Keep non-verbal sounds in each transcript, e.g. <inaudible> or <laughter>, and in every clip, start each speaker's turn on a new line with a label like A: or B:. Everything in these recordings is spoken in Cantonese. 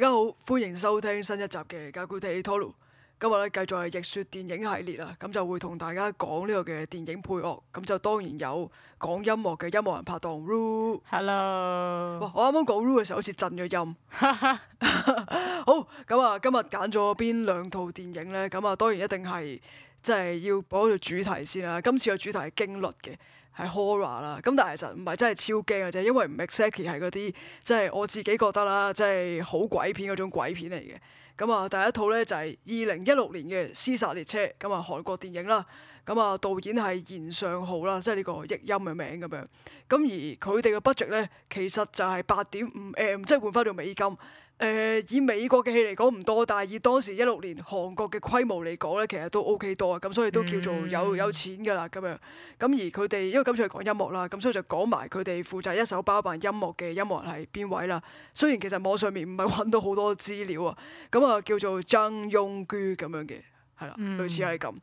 A: 大家好，歡迎收聽新一集嘅、e《賈古蒂托魯》。今日咧繼續係《逆說》電影系列啦，咁就會同大家講呢個嘅電影配樂。咁就當然有講音樂嘅音樂人拍檔 Roo。Hello，哇我啱啱講 Roo 嘅時候好似震咗音。 <laughs> <laughs> 好，咁啊，今日揀咗邊兩套電影呢？咁啊，當然一定係即係要播一條主題先啦。今次嘅主題係驚慄嘅。係 horror 啦，咁但係其實唔係真係超驚嘅啫，因為《Mysterious》係嗰啲即係我自己覺得啦，即係好鬼片嗰種鬼片嚟嘅。咁啊，第一套呢就係二零一六年嘅《獵殺列車》，咁啊韓國電影啦。咁啊導演係延尚昊啦，即係呢個譯音嘅名咁樣。咁而佢哋嘅 budget 呢，其實就係八點五 M，即係換翻到美金。誒、呃、以美國嘅戲嚟講唔多，但係以當時一六年韓國嘅規模嚟講呢，其實都 O K 多啊，咁所以都叫做有、嗯、有錢噶啦咁樣。咁而佢哋因為今次係講音樂啦，咁所以就講埋佢哋負責一手包辦音樂嘅音樂人係邊位啦。雖然其實網上面唔係揾到好多資料啊，咁啊叫做曾庸居咁樣嘅，係啦，類似係咁。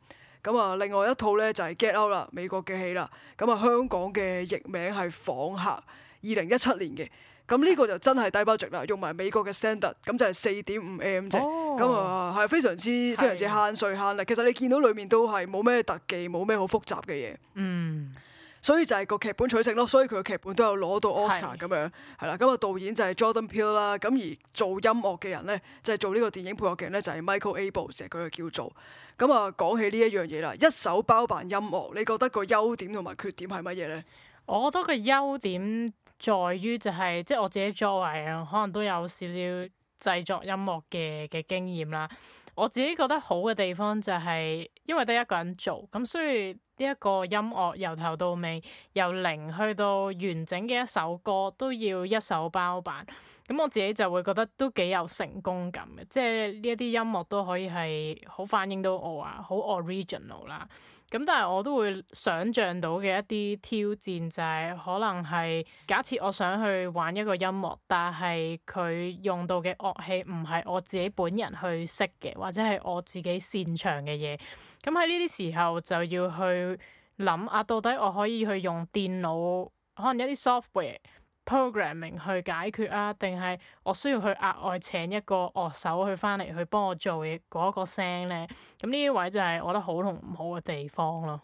A: 咁啊、嗯，另外一套呢，就係、是、Get Out 啦，美國嘅戲啦，咁啊香港嘅譯名係訪．嚇，二零一七年嘅。咁呢個就真係低 budget 啦，用埋美國嘅 standard，咁就係四點五 m 啫。咁啊，係非常之非常之慳稅慳啦。其實你見到裏面都係冇咩特技，冇咩好複雜嘅嘢。嗯，所以就係個劇本取勝咯。所以佢嘅劇本都有攞到 Oscar 咁樣，係啦。咁啊，導演就係 Jordan Peele 啦。咁而做音樂嘅人咧，就係做呢個電影配樂嘅人咧，就係 Michael Abels，佢係叫做。咁啊，講起呢一樣嘢啦，一手包辦音樂，你覺得個優點同埋缺點係乜嘢咧？我覺得個優點。在於就係、是、即係我自己作為可
B: 能都有少少製作音樂嘅嘅經驗啦，我自己覺得好嘅地方就係、是、因為得一個人做，咁所以呢一個音樂由頭到尾由零去到完整嘅一首歌都要一手包辦，咁我自己就會覺得都幾有成功感嘅，即係呢一啲音樂都可以係好反映到我啊，好 original 啦。咁但係我都會想像到嘅一啲挑戰就係可能係假設我想去玩一個音樂，但係佢用到嘅樂器唔係我自己本人去識嘅，或者係我自己擅長嘅嘢。咁喺呢啲時候就要去諗啊，到底我可以去用電腦，可能一啲 software。Programming 去解決啊，定係我需要去額外請一個樂手去翻嚟去幫我做嘅嗰一個聲
A: 咧？咁呢啲位就係我覺得好同唔好嘅地方咯。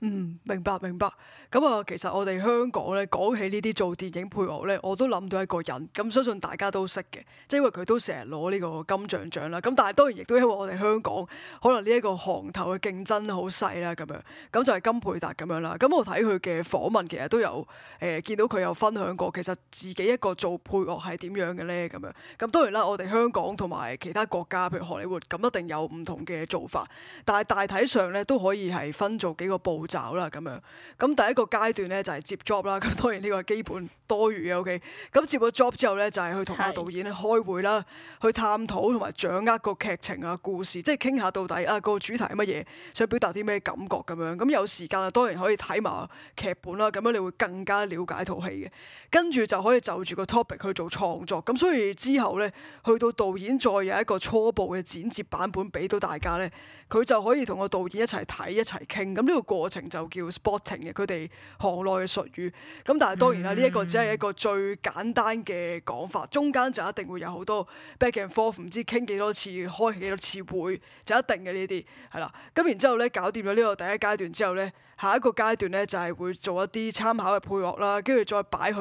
A: 嗯，明白，明白。咁啊，嗯，其實我哋香港咧講起呢啲做電影配樂咧，我都諗到一個人，咁，嗯、相信大家都識嘅，即係因為佢都成日攞呢個金像獎啦。咁，嗯、但係當然亦都因為我哋香港可能呢一個行頭嘅競爭好細啦，咁，嗯嗯就是，樣，咁就係金培達咁樣啦。咁，嗯、我睇佢嘅訪問其實都有誒、呃、見到佢有分享過其實自己一個做配樂係點樣嘅咧，咁樣，咁當然啦，我哋香港同埋其他國家，譬如荷里活咁，一定有唔同嘅做法。但係大體上咧都可以係分做幾個步驟啦，咁樣，咁第一個。階段咧就係接 job 啦，咁當然呢個基本多餘嘅 OK。咁接咗 job 之後咧，就係、是、去同個導演開會啦，是去探討同埋掌握個劇情啊、故事，即係傾下到底啊個主題係乜嘢，想表達啲咩感覺咁樣。咁有時間啊，當然可以睇埋劇本啦。咁樣你會更加了解套戲嘅，跟住就可以就住個 topic 去做創作。咁所以之後咧，去到導演再有一個初步嘅剪接版本俾到大家咧。佢就可以同個導演一齊睇一齊傾，咁呢個過程就叫 spotting 嘅，佢哋行內嘅術語。咁但係當然啦，呢、這、一個只係一個最簡單嘅講法，mm hmm. 中間就一定會有好多 back and forth，唔知傾幾多次，開幾多次會，就是、一定嘅呢啲係啦。咁然之後呢，搞掂咗呢個第一階段之後呢。下一個階段咧就係會做一啲參考嘅配樂啦，跟住再擺去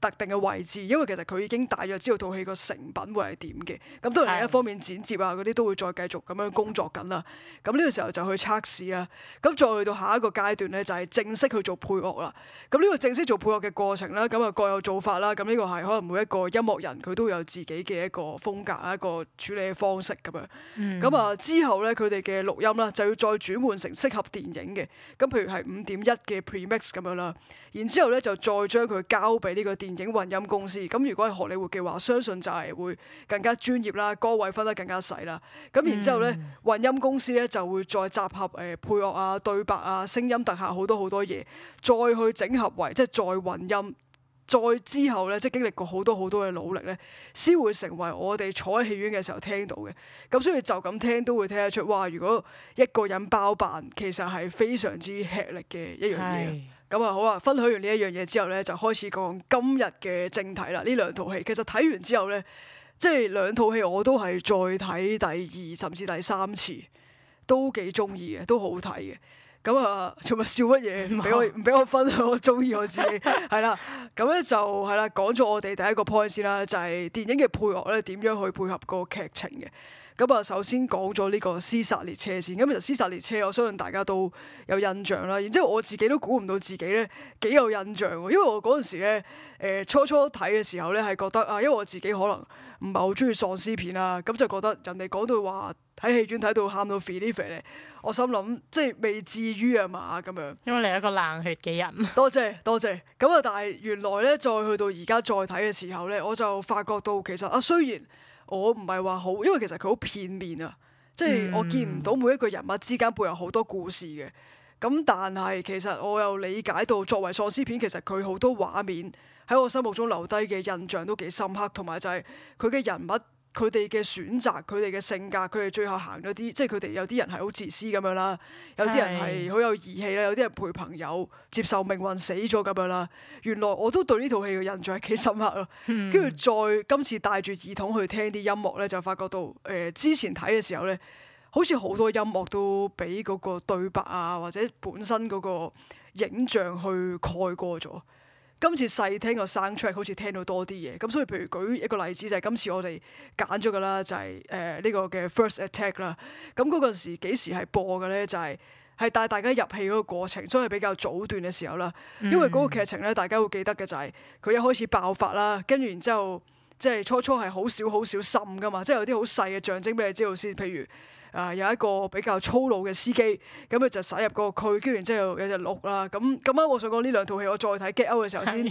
A: 特定嘅位置，因為其實佢已經大約知道套戲個成品會係點嘅。咁都係一方面剪接啊嗰啲都會再繼續咁樣工作緊啦。咁呢個時候就去測試啦。咁再去到下一個階段咧就係正式去做配樂啦。咁呢個正式做配樂嘅過程啦，咁啊各有做法啦。咁呢個係可能每一個音樂人佢都有自己嘅一個風格、一個處理嘅方式咁樣。嗯、啊。咁啊之後咧佢哋嘅錄音啦就要再轉換成適合電影嘅。咁譬如。係五點一嘅 premix 咁樣啦，然之後咧就再將佢交俾呢個電影混音公司。咁如果係荷里活嘅話，相信就係會更加專業啦，歌位分得更加細啦。咁然之後咧，嗯、混音公司咧就會再集合誒配樂啊、對白啊、聲音特效好多好多嘢，再去整合為即係再混音。再之後咧，即係經歷過好多好多嘅努力咧，先會成為我哋坐喺戲院嘅時候聽到嘅。咁所以就咁聽都會聽得出。哇！如果一個人包辦，其實係非常之吃力嘅一樣嘢。咁啊是的 好啊，分享完呢一樣嘢之後咧，就開始講今日嘅正題啦。呢兩套戲其實睇完之後咧，即係兩套戲我都係再睇第二甚至第三次，都幾中意嘅，都好睇嘅。咁啊，做乜笑乜嘢？唔俾我唔俾我分享，我中意我自己係啦。咁咧就係啦，講咗我哋第一個 point 先啦，就係、是、電影嘅配樂咧，點樣去配合個劇情嘅。咁啊，首先講咗呢個《屍殺列車》先。咁其實《屍殺列車》我相信大家都有印象啦。然之後我自己都估唔到自己咧幾有印象，因為我嗰陣時咧誒、呃、初初睇嘅時候咧係覺得啊，因為我自己可能唔係好中意喪屍片啦，咁就覺得人哋講到話。喺戲院睇到喊到 fit 呢我心諗即係未至於啊嘛咁樣。
B: 因為你係一個冷血嘅人
A: <laughs> 多。多謝多謝。咁啊，但係原來咧，再去到而家再睇嘅時候咧，我就發覺到其實啊，雖然我唔係話好，因為其實佢好片面啊，即係我見唔到每一個人物之間背後好多故事嘅。咁但係其實我又理解到，作為喪屍片，其實佢好多畫面喺我心目中留低嘅印象都幾深刻，同埋就係佢嘅人物。佢哋嘅選擇，佢哋嘅性格，佢哋最後行咗啲，即係佢哋有啲人係好自私咁樣啦，有啲人係好有義氣啦，有啲人陪朋友接受命運死咗咁樣啦。原來我都對呢套戲嘅印象係幾深刻咯。跟住 <laughs> 再今次帶住耳筒去聽啲音樂咧，就發覺到誒、呃、之前睇嘅時候咧，好似好多音樂都俾嗰個對白啊，或者本身嗰個影像去蓋過咗。.今次細聽個 soundtrack 好似聽到多啲嘢，咁所以譬如舉一個例子就係、是、今次我哋揀咗噶啦，就係誒呢個嘅 first attack 啦。咁嗰陣時幾時係播嘅咧？就係係帶大家入戲嗰個過程，真係比較早段嘅時候啦。因為嗰個劇情咧，大家會記得嘅就係、是、佢一開始爆發啦，跟住然之後即係初初係好少好少滲噶嘛，即係有啲好細嘅象徵俾你知道先，譬如。啊，有一個比較粗魯嘅司機，咁佢就駛入個區，跟住然之後有隻鹿啦。咁咁啱，我想講呢兩套戲，我再睇《Get Out》嘅時候先，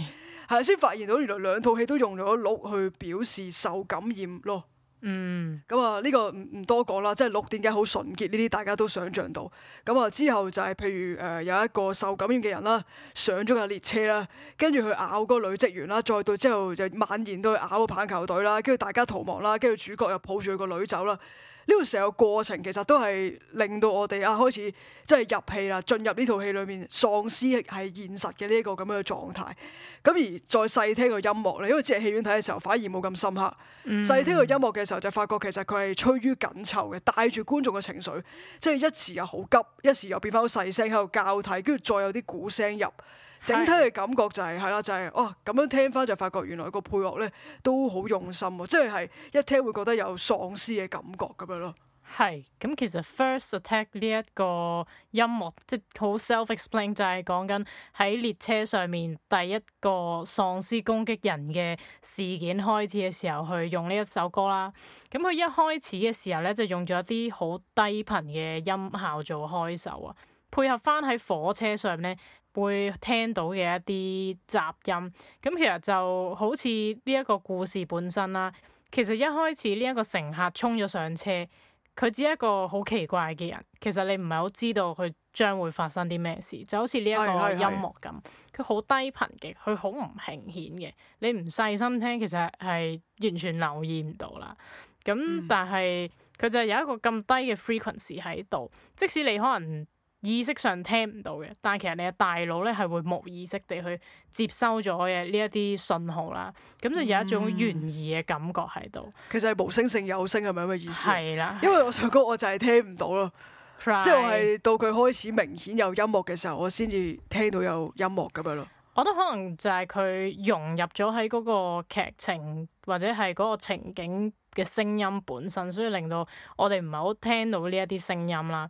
A: 係先的發現到原來兩套戲都用咗鹿去表示受感染咯。嗯，咁啊呢個唔唔多講啦，即係鹿點解好純潔呢啲大家都想像到。咁啊之後就係譬如誒有一個受感染嘅人啦，上咗架列車啦，跟住佢咬個女職員啦，再到之後就蔓延到去咬個棒球隊啦，跟住大家逃亡啦，跟住主角又抱住個女走啦。呢個時候過程其實都係令到我哋啊開始即係入戲啦，進入呢套戲裏面喪屍係現實嘅呢一個咁樣嘅狀態。咁而再細聽個音樂咧，因為只係戲院睇嘅時候反而冇咁深刻。細、嗯、聽個音樂嘅時候就發覺其實佢係趨於緊湊嘅，帶住觀眾嘅情緒，即係一時又好急，一時又變翻好細聲喺度交替，跟住再有啲鼓聲入。整體嘅感覺就係係啦，是就係、係、哦咁樣聽翻就發覺原來個配樂咧都好用心喎，即係係一聽會覺得有喪屍嘅感覺咁樣咯。係咁，其實
B: First Attack 呢一個音樂即係好 self-explain，就係講緊喺列車上面第一個喪屍攻擊人嘅事件開始嘅時候，去用呢一首歌啦。咁佢一開始嘅時候咧就用咗啲好低頻嘅音效做開首啊，配合翻喺火車上咧。會聽到嘅一啲雜音，咁其實就好似呢一個故事本身啦。其實一開始呢一個乘客衝咗上車，佢只係一個好奇怪嘅人。其實你唔係好知道佢將會發生啲咩事，就好似呢一個音樂咁，佢好是低頻嘅，佢好唔明顯嘅。你唔細心聽，其實係完全留意唔到啦。咁但係佢就有一個咁低嘅 frequency 喺度，即使你可能。意識上聽唔到嘅，但係其實你嘅大腦咧係會冇意識地去接收咗嘅呢一啲信號啦，咁、嗯、就有一種懸疑嘅感覺喺度。
A: 其實係無聲勝有聲係咪咁嘅意思？係啦，因為我唱歌我就係聽唔到咯，嗯、即係我係到佢開始明顯有音樂嘅時候，我先至聽到有音樂咁樣咯。我覺
B: 得可能就係佢融入咗喺嗰個劇情或者係嗰個情景嘅聲音本身，所以令到我哋唔係好聽到呢一啲聲音啦。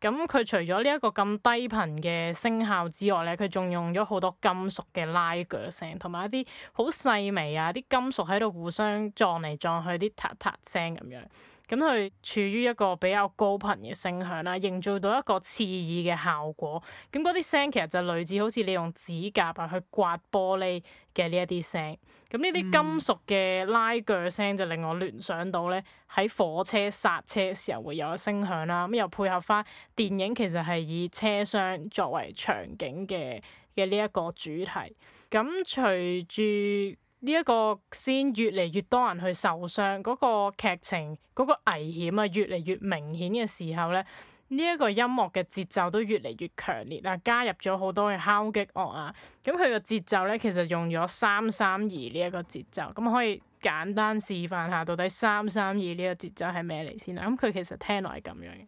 B: 咁佢除咗呢一個咁低頻嘅聲效之外咧，佢仲用咗好多金屬嘅拉鋸聲，同埋一啲好細微啊，啲金屬喺度互相撞嚟撞去啲嗒嗒聲咁樣。咁佢處於一個比較高頻嘅聲響啦，營造到一個刺耳嘅效果。咁嗰啲聲其實就類似好似你用指甲啊去刮玻璃嘅呢一啲聲。咁呢啲金屬嘅拉鋸聲就令我聯想到咧，喺火車煞車時候會有嘅聲響啦。咁又配合翻電影，其實係以車廂作為場景嘅嘅呢一個主題。咁隨住，呢一個先越嚟越多人去受傷，嗰個劇情嗰個危險啊越嚟越明顯嘅時候咧，呢一個音樂嘅節奏都越嚟越強烈啦，加入咗好多嘅敲擊樂啊，咁佢個節奏咧其實用咗三三二呢一個節奏，咁可以簡單示範下到底三三二呢個節奏係咩嚟先啦，咁佢其實聽落係咁樣嘅。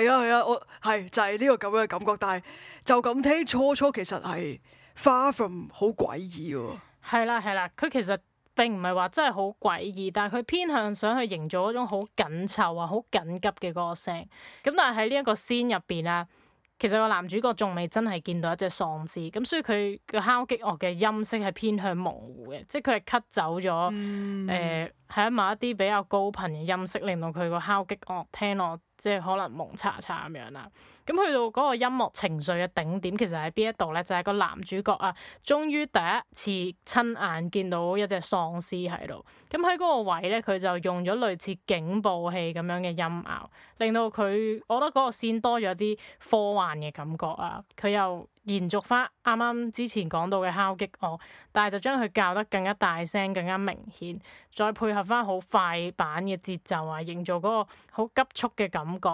A: 係啊係啊，我係就係、係、呢個咁樣嘅感覺，但係就咁聽初初其實係 far from 好詭異嘅。
B: 係啦係啦，佢、啊、其實並唔係話真係好詭異，但係佢偏向想去營造一種好緊湊啊、好緊急嘅嗰個聲。咁但係喺呢一個 scene 入邊啊，其實個男主角仲未真係見到一隻喪屍，咁所以佢個敲擊樂嘅音色係偏向模糊嘅，即係佢係 cut 走咗誒。嗯呃喺某一啲比較高頻嘅音色，令到佢個敲擊樂聽落即係可能蒙查查咁樣啦。咁去到嗰個音樂情緒嘅頂點，其實喺邊一度咧？就係個男主角啊，終於第一次親眼見到一隻喪屍喺度。咁喺嗰個位咧，佢就用咗類似警報器咁樣嘅音效，令到佢我覺得嗰個線多咗啲科幻嘅感覺啊。佢又～延續翻啱啱之前講到嘅敲擊樂，但係就將佢教得更加大聲、更加明顯，再配合翻好快板嘅節奏啊，營造嗰個好急促嘅感覺。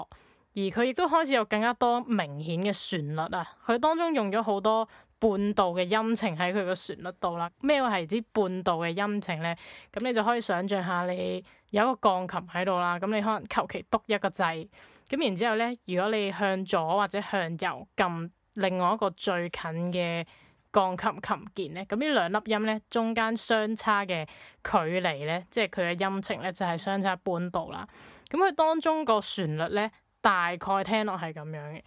B: 而佢亦都開始有更加多明顯嘅旋律啊。佢當中用咗好多半度嘅音程喺佢個旋律度啦。咩係指半度嘅音程咧？咁你就可以想象下，你有一個鋼琴喺度啦，咁你可能求其篤一個掣咁，然之後咧，如果你向左或者向右撳，另外一個最近嘅鋼琴琴鍵咧，咁呢兩粒音咧，中間相差嘅距離咧，即係佢嘅音程咧，就係、是、相差半度啦。咁佢當中個旋律咧，大概聽落係咁樣嘅。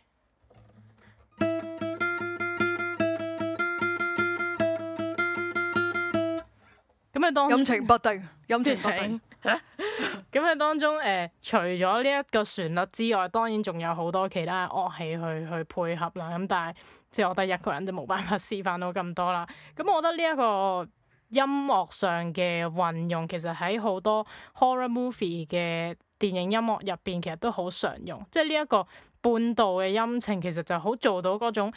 B: 咁啊，音程不
A: 定，音程不定。 <laughs>
B: 咁喺 <laughs> 當中誒、呃，除咗呢一個旋律之外，當然仲有好多其他嘅樂器去去配合啦。咁但係即係我得一個人就冇辦法示範到咁多啦。咁、嗯、我覺得呢一個音樂上嘅運用，其實喺好多 horror movie 嘅電影音樂入邊，其實都好常用。即係呢一個半度嘅音程，其實就好做到嗰種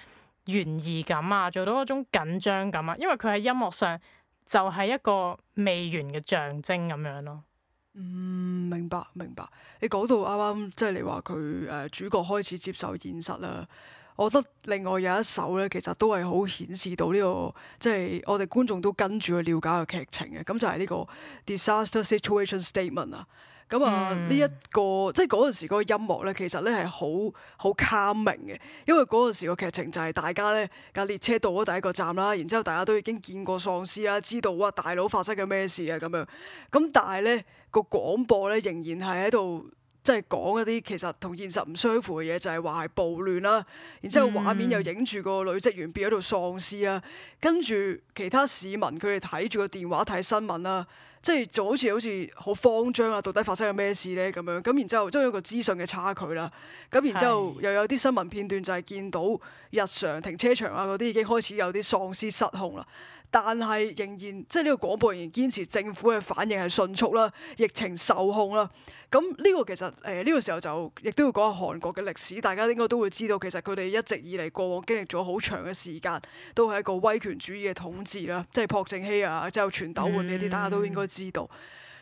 B: 懸疑感啊，做到嗰種緊張感啊。因為佢喺音樂上就係一個未完嘅象徵咁樣咯。
A: 嗯，明白明白。你講到啱啱，即係你話佢誒，主角開始接受現實啦。我覺得另外有一首咧，其實都係好顯示到呢、這個，即係我哋觀眾都跟住去了解個劇情嘅。咁就係呢個 Disaster Situation Statement 啊。咁啊、嗯，呢一個即係嗰陣時嗰個音樂咧，其實咧係好好 calming 嘅。因為嗰陣時個劇情就係大家咧架列車到咗第一個站啦，然之後大家都已經見過喪屍啦，知道哇、啊、大佬發生咗咩事啊咁樣。咁但係咧。個廣播咧仍然係喺度，即係講一啲其實同現實唔相符嘅嘢，就係話係暴亂啦。然之後畫面又影住個女職員變喺度喪屍啦。跟住其他市民佢哋睇住個電話睇新聞啦，即係就好似好似好慌張啊！到底發生咗咩事呢？咁樣。咁然之後都有一個資訊嘅差距啦。咁然之後又有啲新聞片段就係見到日常停車場啊嗰啲已經開始有啲喪屍失控啦。但係仍然即係呢個廣播仍然堅持政府嘅反應係迅速啦，疫情受控啦。咁呢個其實誒呢、呃呢個時候就亦都要講下韓國嘅歷史，大家應該都會知道其實佢哋一直以嚟過往經歷咗好長嘅時間，都係一個威權主義嘅統治啦，即係朴正熙啊，即、啊、係、啊啊、全斗煥呢啲，大家都應該知道。嗯、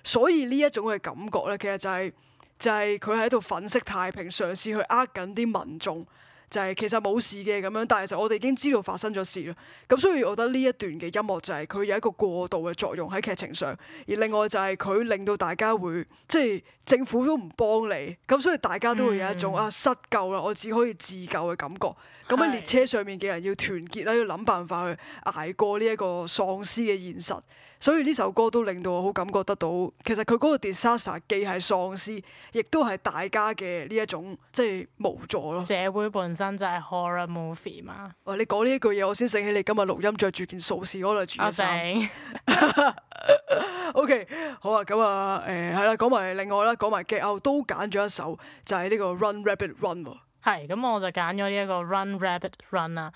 A: 所以呢一種嘅感覺咧，其實就係、係、就係佢喺度粉飾太平，嘗試去呃緊啲民眾。就係其實冇事嘅咁樣，但係其實我哋已經知道發生咗事啦。咁所以我覺得呢一段嘅音樂就係佢有一個過渡嘅作用喺劇情上，而另外就係佢令到大家會即係政府都唔幫你，咁所以大家都會有一種啊失救啦，我只可以自救嘅感覺。咁喺列車上面嘅人要團結啦，要諗辦法去挨過呢一個喪屍嘅現實。所以呢首歌都令到我好感覺得到，其實佢嗰個 disaster 既係喪屍，亦都係大家嘅呢一種即係無助咯。社會本身就係 horror movie 嘛。喂、啊，你講呢一句嘢，我先醒起你今日錄音着住件喪屍可能住嘅衫。OK，好啊，咁、嗯、啊，誒，係啦，講埋另外啦，講埋 Gakou 都揀咗一首，就係呢個 Run Rabbit Run。
B: 係，咁我就揀咗呢一個《Run Rabbit Run》啦。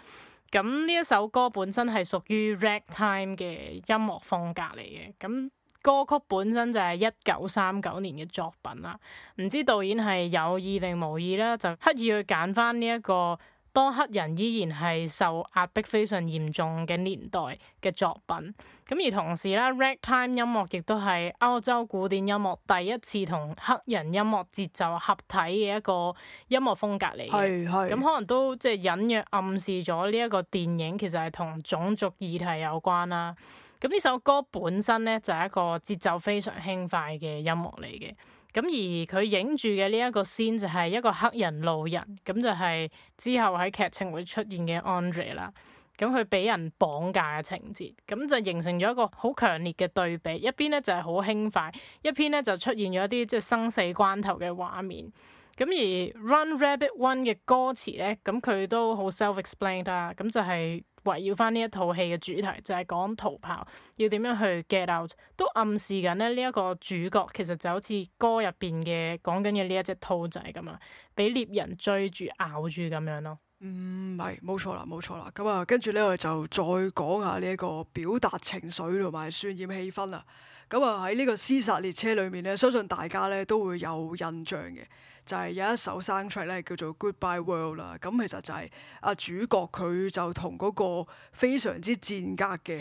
B: 咁呢一首歌本身係屬於 Ragtime 嘅音樂風格嚟嘅。咁歌曲本身就係一九三九年嘅作品啦。唔知導演係有意定無意啦，就刻意去揀翻呢一個。多黑人依然係受壓迫非常嚴重嘅年代嘅作品，咁而同時咧，ragtime 音樂亦都係歐洲古典音樂第一次同黑人音樂節奏合體嘅一個音樂風格嚟嘅。咁係係。可能都即係隱約暗示咗呢一個電影其實係同種族議題有關啦。咁呢首歌本身呢，就係一個節奏非常輕快嘅音樂嚟嘅。咁而佢影住嘅呢一個 scene 就係一個黑人路人，咁就係之後喺劇情會出現嘅 Andre 啦。咁佢俾人綁架嘅情節，咁就形成咗一個好強烈嘅對比，一邊咧就係好輕快，一邊咧就出現咗一啲即係生死關頭嘅畫面。咁而《Run Rabbit One》嘅歌詞咧，咁佢都好 self-explained 啦、啊。咁就係圍繞翻呢一套戲嘅主題，就係、是、講逃跑要點樣去 get out，都暗示緊咧呢一、這個主角其實就好似歌入邊嘅講緊嘅呢一隻兔仔咁啊，
A: 俾獵人追住咬住咁樣咯。嗯，係，冇錯啦，冇錯啦。咁啊，跟住呢我哋就再講下呢一個表達情緒同埋渲染氣氛啦。咁啊喺呢個屍殺列車裏面咧，相信大家咧都會有印象嘅。就係有一首 soundtrack 咧，叫做 Goodbye World，啊《Goodbye World》啦。咁其實就係、是、阿、啊、主角佢就同嗰個非常之賤格嘅，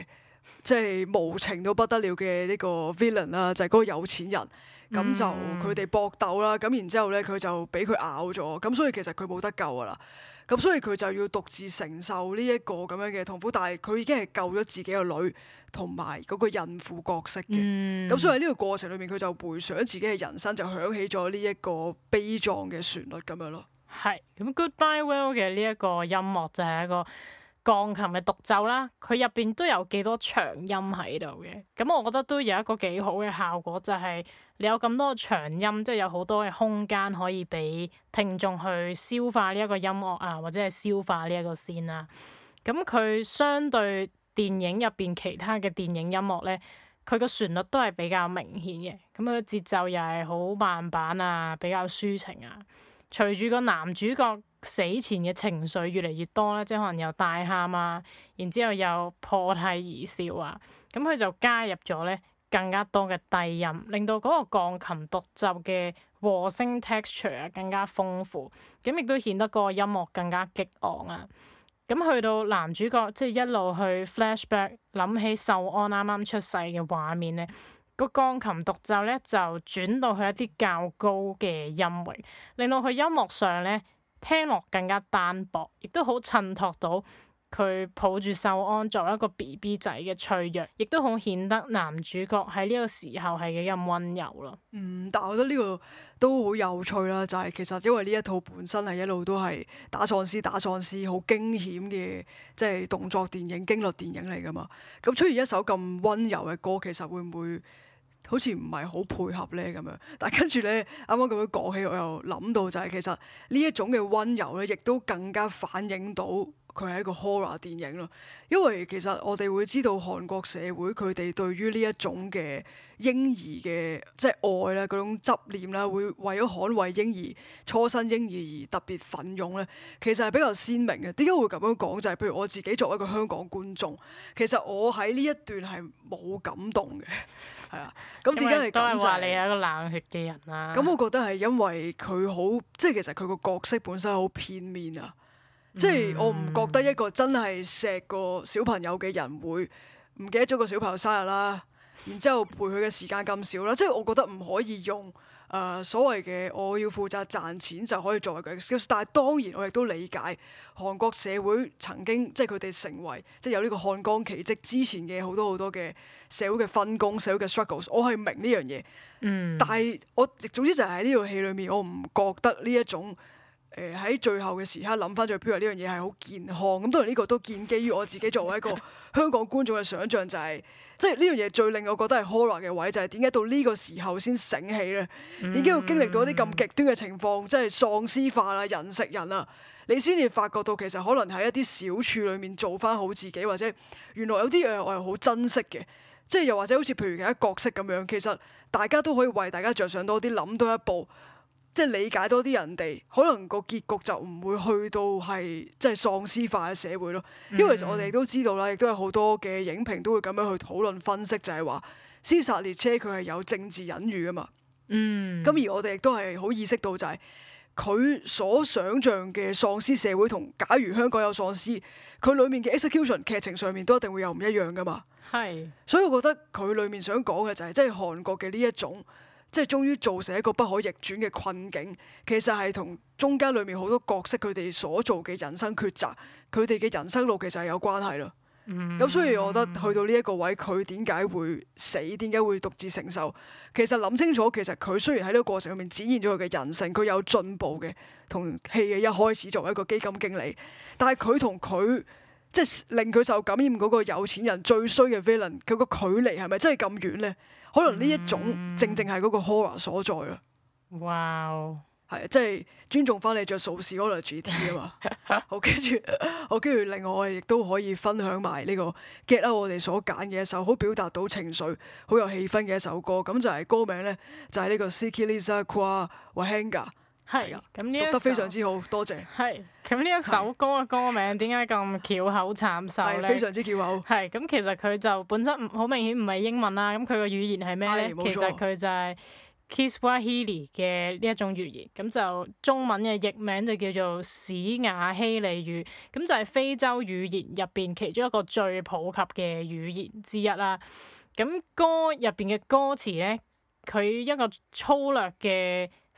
A: 即、就、係、是、無情到不得了嘅呢個 villain 啦，就係嗰個有錢人。咁、啊嗯、就佢哋搏鬥啦。咁、啊、然之後咧，佢就俾佢咬咗。咁、啊、所以其實佢冇得救噶啦。咁、啊、所以佢就要獨自承受呢一個咁樣嘅痛苦。但係佢已經係救咗自己個女。同埋嗰個孕婦角色嘅，咁、嗯、所以喺呢個過程裏面，佢就回想自己嘅人生，就響起咗呢一個悲壯嘅旋律咁樣咯。係
B: 咁，Goodbye World 嘅呢一個音樂就係一個鋼琴嘅獨奏啦。佢入邊都有幾多長音喺度嘅，咁我覺得都有一個幾好嘅效果，就係你有咁多長音，即、就、係、是、有好多嘅空間可以俾聽眾去消化呢一個音樂啊，或者係消化呢一個先啦、啊。咁佢相對電影入邊其他嘅電影音樂咧，佢個旋律都係比較明顯嘅，咁佢嘅節奏又係好慢板啊，比較抒情啊。隨住個男主角死前嘅情緒越嚟越多咧，即係可能又大喊啊，然之後又破涕而笑啊，咁佢就加入咗咧更加多嘅低音，令到嗰個鋼琴獨奏嘅和聲 texture 啊更加豐富，咁亦都顯得嗰個音樂更加激昂啊！咁去到男主角即係、就是、一路去 flashback 諗起秀安啱啱出世嘅畫面，呢個鋼琴獨奏呢就轉到去一啲較高嘅音域，令到佢音樂上呢聽落更加單薄，亦都好襯托到。佢抱住秀安作為一個 B B 仔嘅脆弱，亦都好顯得男主角喺呢個時
A: 候係幾咁溫柔咯。嗯，但係我覺得呢個都好有趣啦，就係其實因為呢一套本身係一路都係打喪屍打喪屍好驚險嘅，即係動作電影、驚慄電影嚟噶嘛。咁出現一首咁溫柔嘅歌，其實會唔會好似唔係好配合咧咁樣？但係跟住咧，啱啱咁樣講起，我又諗到就係其實呢一種嘅溫柔咧，亦都更加反映到。佢係一個 horror 電影咯，因為其實我哋會知道韓國社會佢哋對於呢一種嘅嬰兒嘅即係愛咧，嗰種執念咧，會為咗捍衛嬰兒、初生嬰兒而特別奮勇咧，其實係比較鮮明嘅。點解會咁樣講？就係、是、譬如我自己作為一個香港觀眾，其實我喺呢一段係冇感動嘅，係啊。
B: 咁點解係咁就係話你係一個冷血嘅人啦、啊？咁我覺
A: 得係因為佢好，即係其實佢個角色本身好片面啊。即係我唔覺得一個真係錫個小朋友嘅人會唔記得咗個小朋友生日啦，然之後陪佢嘅時間咁少啦。即係我覺得唔可以用誒、呃、所謂嘅我要負責賺錢就可以作為嘅 excuse。但係當然我亦都理解韓國社會曾經即係佢哋成為即係有呢個漢江奇蹟之前嘅好多好多嘅社會嘅分工、社會嘅 struggles。嗯、我係明呢樣嘢，但係我總之就係喺呢套戲裏面，我唔覺得呢一種。誒喺、呃、最後嘅時刻諗翻最譬如呢樣嘢係好健康，咁當然呢個都建基於我自己作為一個 <laughs> 香港觀眾嘅想像、就係，就係即係呢樣嘢最令我覺得係 horror 嘅位就係點解到呢個時候先醒起咧？Mm hmm. 已經要經歷到一啲咁極端嘅情況，即係喪屍化啦、人食人啦、啊，你先至發覺到其實可能喺一啲小處裡面做翻好自己，或者原來有啲嘢我係好珍惜嘅，即係又或者好似譬如其他角色咁樣，其實大家都可以為大家着想多啲，諗多一步。即係理解多啲人哋，可能個結局就唔會去到係即係喪屍化嘅社會咯。Mm. 因為其實我哋都知道啦，亦都係好多嘅影評都會咁樣去討論分析，就係、是、話《屍殺列車》佢係有政治隱喻啊嘛。嗯。
B: 咁
A: 而我哋亦都係好意識到就係、是、佢所想象嘅喪屍社會同假如香港有喪屍，佢裏面嘅 execution 劇情上面都一定會有唔一樣噶嘛。
B: 係是。
A: 所以我覺得佢裏面想講嘅就係、是、即係韓國嘅呢一種。即係終於造成一個不可逆轉嘅困境，其實係同中間裏面好多角色佢哋所做嘅人生抉擇，佢哋嘅人生路其實係有關係咯。咁、mm hmm. 嗯、所以我覺得去到呢一個位，佢點解會死？點解會獨自承受？其實諗清楚，其實佢雖然喺呢個過程裏面展現咗佢嘅人性，佢有進步嘅。同戲嘅一開始作為一個基金經理，但係佢同佢即係令佢受感染嗰個有錢人最衰嘅 villain，佢個距離係咪真係咁遠呢？可能呢一種正正係嗰個 horror 所在啊！哇，係啊，即係尊重翻你着數時嗰度嘅主題啊嘛， <laughs> 好跟住，好跟住，另外我亦都可以分享埋呢個 Get Out 啦，我哋所揀嘅一首好表達到情緒、好有氣氛嘅一首歌，咁就係歌名咧，就係、是、呢、這個 Sikiliza Kwa Wahenga。係，咁呢？一讀得非常之好，多謝。係， <laughs> 咁呢一首歌嘅歌名點解咁巧口慘手咧？非常
B: 之巧口。係，咁其實佢就本身好明顯唔係英文啦，咁佢嘅語言係咩咧？其實佢就係 Kiswahili 嘅呢一種語言，咁就中文嘅譯名就叫做史瓦希利語，咁就係非洲語言入邊其中一個最普及嘅語言之一啦。咁歌入邊嘅歌詞咧，佢一個粗略嘅。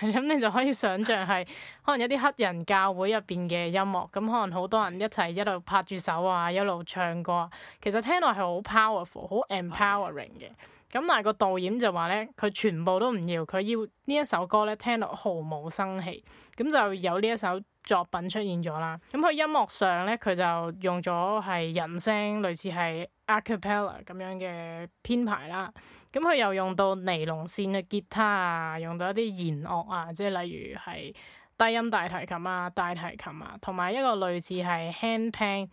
B: 咁 <laughs> 你就可以想象係可能一啲黑人教會入邊嘅音樂，咁可能好多人一齊一路拍住手啊，一路唱歌啊。其實聽落係好 powerful，好 empowering 嘅。咁但係個導演就話咧，佢全部都唔要，佢要呢一首歌咧聽落毫無生氣。咁就有呢一首作品出現咗啦。咁佢音樂上咧，佢就用咗係人聲類似係 a cappella 咁樣嘅編排啦。咁佢又用到尼龍線嘅結他啊，用到一啲弦樂啊，即係例如係低音大提琴啊、大提琴啊，同埋一個類似係 handpan。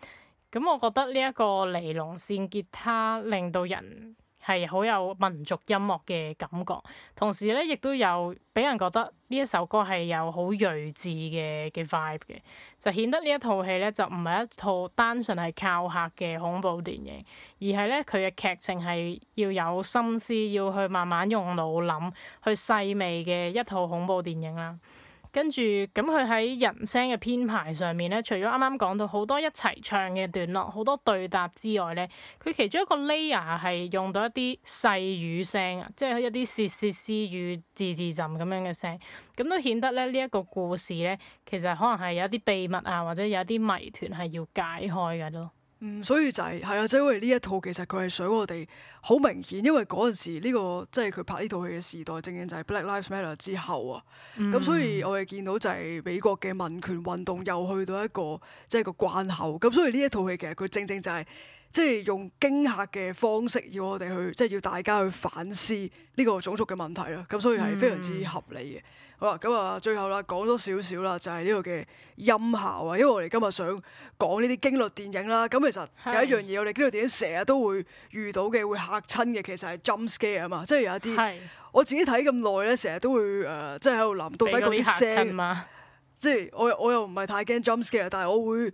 B: 咁我覺得呢一個尼龍線結他令到人係好有民族音樂嘅感覺，同時咧亦都有俾人覺得呢一首歌係有好睿智嘅嘅 vibe 嘅，就顯得一戲呢一套戲咧就唔係一套單純係靠嚇嘅恐怖電影，而係咧佢嘅劇情係要有心思，要去慢慢用腦諗去細味嘅一套恐怖電影啦。跟住咁佢喺人聲嘅編排上面咧，除咗啱啱講到好多一齊唱嘅段落，好多對答之外咧，佢其中一個 layer 係用到一啲細語聲啊，即係一啲竊竊私語、字字尋咁樣嘅聲，咁都顯得咧呢一個故事咧，其實可能係有啲秘密啊，或者有啲謎團係要解開嘅咯。嗯，
A: 所以就係係啊，即係因為呢一套其實佢係想我哋好明顯，因為嗰陣時呢、呢個即係佢拍呢套戲嘅時代，正正就係 Black Lives Matter 之後啊。咁、嗯、所以我哋見到就係美國嘅民權運動又去到一個即係、就係、個關口。咁所以呢一套戲其實佢正正就係、係。即係用驚嚇嘅方式要我哋去，即係要大家去反思呢個種族嘅問題啦。咁所以係非常之合理嘅。嗯、好啦，咁啊，最後啦，講多少少啦，就係、是、呢個嘅音效啊。因為我哋今日想講呢啲驚慄電影啦。咁其實有一樣嘢，我哋驚慄電影成日都會遇到嘅，會嚇親嘅，其實係 jump scare 啊嘛。即係有一啲，我自己睇咁耐咧，成日都會誒、呃，即係喺度諗到底嗰啲聲。即係我我又唔係太驚 jump scare，但係我會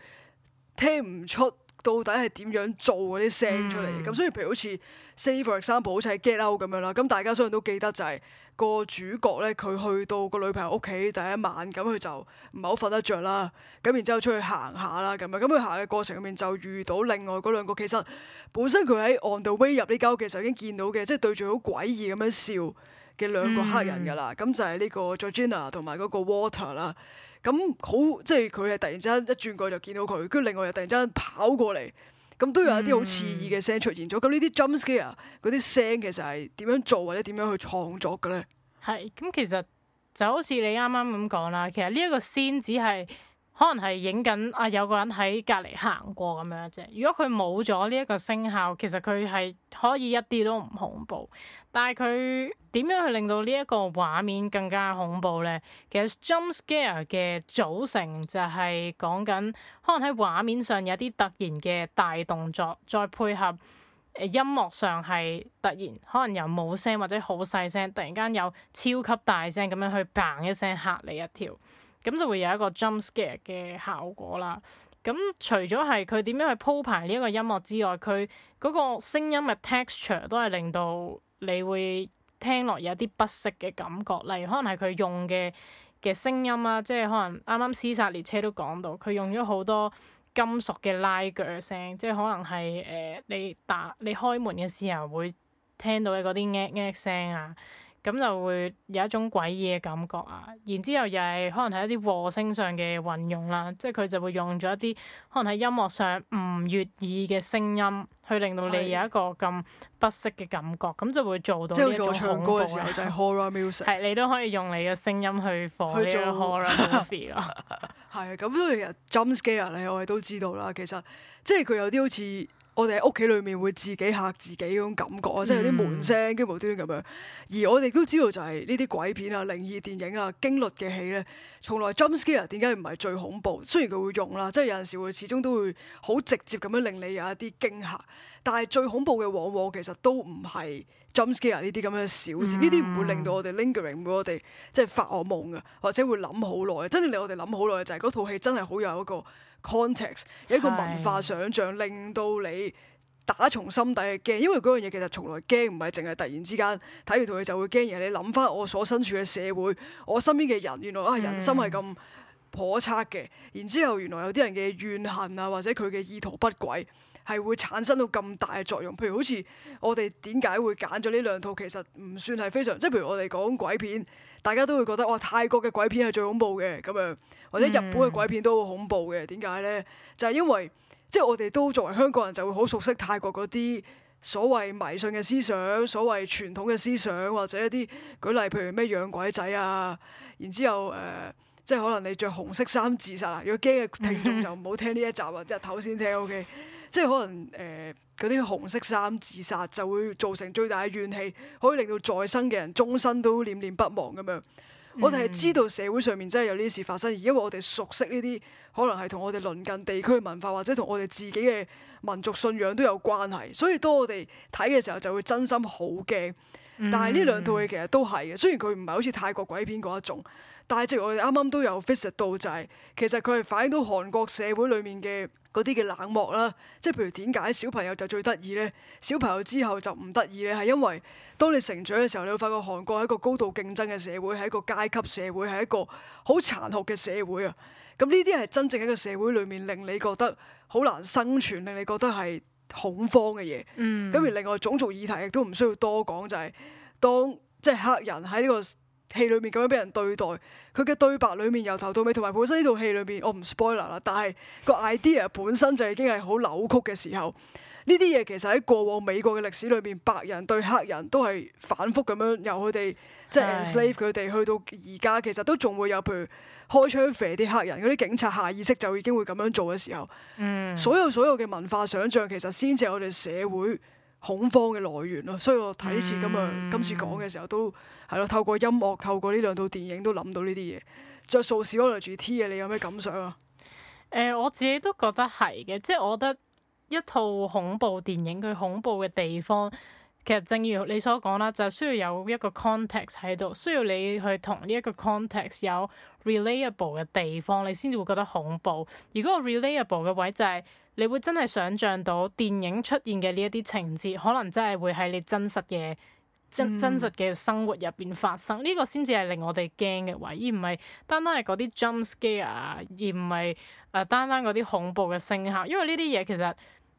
A: 聽唔出。到底係點樣做嗰啲聲出嚟？咁、mm hmm. 所以譬如好似《Say for example》好似係 Get Out 咁樣啦，咁大家相信都記得就係、是那個主角咧，佢去到個女朋友屋企第一晚，咁佢就唔係好瞓得着啦，咁然之後出去行下啦，咁樣咁佢行嘅過程入面就遇到另外嗰兩個，其實本身佢喺《On the Way》入呢間屋嘅時候已經見到嘅，即、就、係、是、對住好詭異咁樣笑嘅兩個黑人㗎啦，咁、mm hmm. 就係呢個 Georgina 同埋嗰個 Walter 啦。咁好，即係佢係突然之間一轉過就見到佢，跟住另外又突然之間跑過嚟，咁都有一啲好刺耳嘅聲出現咗。咁呢啲 jumpscare 嗰啲聲其實係點樣做或者點樣去創作嘅咧？係，咁其實就好似你
B: 啱啱咁講啦，其實呢一個 scene 只係。可能係影緊啊有個人喺隔離行過咁樣啫。如果佢冇咗呢一個聲效，其實佢係可以一啲都唔恐怖。但係佢點樣去令到呢一個畫面更加恐怖咧？其實 jump scare 嘅組成就係講緊可能喺畫面上有啲突然嘅大動作，再配合誒音樂上係突然可能又冇聲或者好細聲，突然間有超級大聲咁樣去 bang 一聲嚇你一跳。咁就會有一個 jump scare 嘅效果啦。咁除咗係佢點樣去鋪排呢一個音樂之外，佢嗰個聲音嘅 texture 都係令到你會聽落有啲不適嘅感覺。例如可能係佢用嘅嘅聲音啊，即係可能啱啱屍殺列車都講到，佢用咗好多金屬嘅拉鋸聲，即係可能係誒、呃、你打你開門嘅時候會聽到嘅嗰啲啞啞聲啊。咁就會有一種詭異嘅感覺啊！然之後又係可能係一啲和聲上嘅運用啦，即係佢就會用咗一啲可能喺音樂上唔悅耳嘅聲音，去令到你有一個咁不適嘅感覺，咁是就會做到即做。即係我唱歌嘅時候就係 horror music，係你都可以用你嘅聲音去放。呢個 horror movie。
A: 係啊，咁當然 jump scare 你我哋都知道啦，其實即係佢有啲好似。我哋喺屋企裏面會自己嚇自己嗰種感覺啊，嗯、即係有啲門聲跟無端端咁樣。而我哋都知道就係呢啲鬼片啊、靈異電影啊、驚慄嘅戲咧，從來 jump scare 點解唔係最恐怖？雖然佢會用啦，即係有陣時會始終都會好直接咁樣令你有一啲驚嚇。但係最恐怖嘅往往其實都唔係 jump scare 呢啲咁樣小節，呢啲唔會令到我哋 lingering，唔會我哋即係發噩夢嘅，或者會諗好耐。真正令我哋諗好耐就係嗰套戲真係好有一個。context 一個文化想像，令到你打從心底係驚，因為嗰樣嘢其實從來驚唔係淨係突然之間睇完套嘢就會驚，而係你諗翻我所身處嘅社會，我身邊嘅人，原來啊人心係咁叵測嘅，然之後原來有啲人嘅怨恨啊，或者佢嘅意圖不軌，係會產生到咁大嘅作用。譬如好似我哋點解會揀咗呢兩套，其實唔算係非常，即係譬如我哋講鬼片。大家都會覺得哇，泰國嘅鬼片係最恐怖嘅咁樣，或者日本嘅鬼片都好恐怖嘅。點解呢？就係因為即係我哋都作為香港人就會好熟悉泰國嗰啲所謂迷信嘅思想、所謂傳統嘅思想或者一啲舉例，譬如咩養鬼仔啊，然之後誒、呃，即係可能你著紅色衫自殺啊。如果驚嘅聽眾就唔好聽呢一集啊， <laughs> 日頭先聽 OK。即係可能誒嗰啲紅色衫自殺就會造成最大嘅怨氣，可以令到在生嘅人終身都念念不忘咁樣。我哋係知道社會上面真係有呢啲事發生，而因為我哋熟悉呢啲可能係同我哋鄰近地區文化或者同我哋自己嘅民族信仰都有關係，所以當我哋睇嘅時候就會真心好驚。但係呢兩套戲其實都係嘅，雖然佢唔係好似泰國鬼片嗰一種，但係即係我哋啱啱都有 visit 到就係、是、其實佢係反映到韓國社會裡面嘅。嗰啲嘅冷漠啦，即係譬如點解小朋友就最得意咧？小朋友之後就唔得意咧？係因為當你成長嘅時候，你會發覺韓國係一個高度競爭嘅社會，係一個階級社會，係一個好殘酷嘅社會啊！咁呢啲係真正喺個社會裏面令你覺得好難生存，令你覺得係恐慌嘅嘢。嗯，咁而另外種族議題亦都唔需要多講，就係、是、當即係黑人喺呢、這個。戲裏面咁樣俾人對待，佢嘅對白裏面由頭到尾，同埋本身呢套戲裏面，我唔 spoiler 啦。但係個 idea 本身就已經係好扭曲嘅時候，呢啲嘢其實喺過往美國嘅歷史裏面，白人對黑人都係反覆咁樣由佢哋即係、就是、enslave 佢哋，去到而家其實都仲會有，譬如開槍射啲黑人嗰啲警察下意識就已經會咁樣做嘅時候，所有所有嘅文化想像其實先至係我哋社會恐慌嘅來源咯，所以我睇次咁啊，嗯、今次講嘅時候都係咯，透過音樂，透過呢兩套電影都諗到呢啲嘢。着數是《Halloween》T 啊，你有咩感想啊？
B: 誒、呃，我自己都覺得係嘅，即係我覺得一套恐怖電影佢恐怖嘅地方，其實正如你所講啦，就係、是、需要有一個 context 喺度，需要你去同呢一個 context 有 relatable 嘅地方，你先至會覺得恐怖。如果 relatable 嘅位就係、是、～你會真係想像到電影出現嘅呢一啲情節，可能真係會喺你真實嘅真、嗯、真實嘅生活入邊發生呢、呢個先至係令我哋驚嘅位，而唔係單單係嗰啲 jump scare 啊，而唔係誒單單嗰啲恐怖嘅聲效，因為呢啲嘢其實。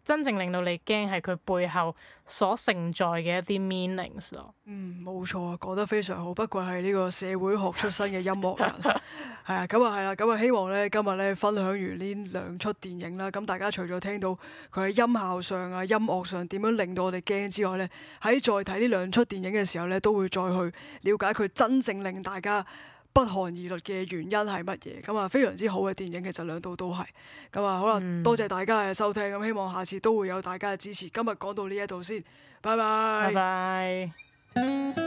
B: 真正令到你驚係佢背後所承載嘅一啲
A: meanings 咯。嗯，冇錯啊，講得非常好，不愧係呢個社會學出身嘅音樂人。係 <laughs> <laughs> 啊，咁啊係啦，咁、嗯、啊希望呢今日呢分享完呢兩出電影啦，咁、嗯、大家除咗聽到佢喺音效上啊、音樂上點樣令到我哋驚之外呢，喺再睇呢兩出電影嘅時候呢，都會再去了解佢真正令大家。不寒而栗嘅原因係乜嘢？咁啊，非常之好嘅電影，其實兩度都係。咁啊，好啦，嗯、多謝大家嘅收聽。咁希望下次都會有大家嘅支持。今日講到呢一度先，拜拜。拜拜。 <noise>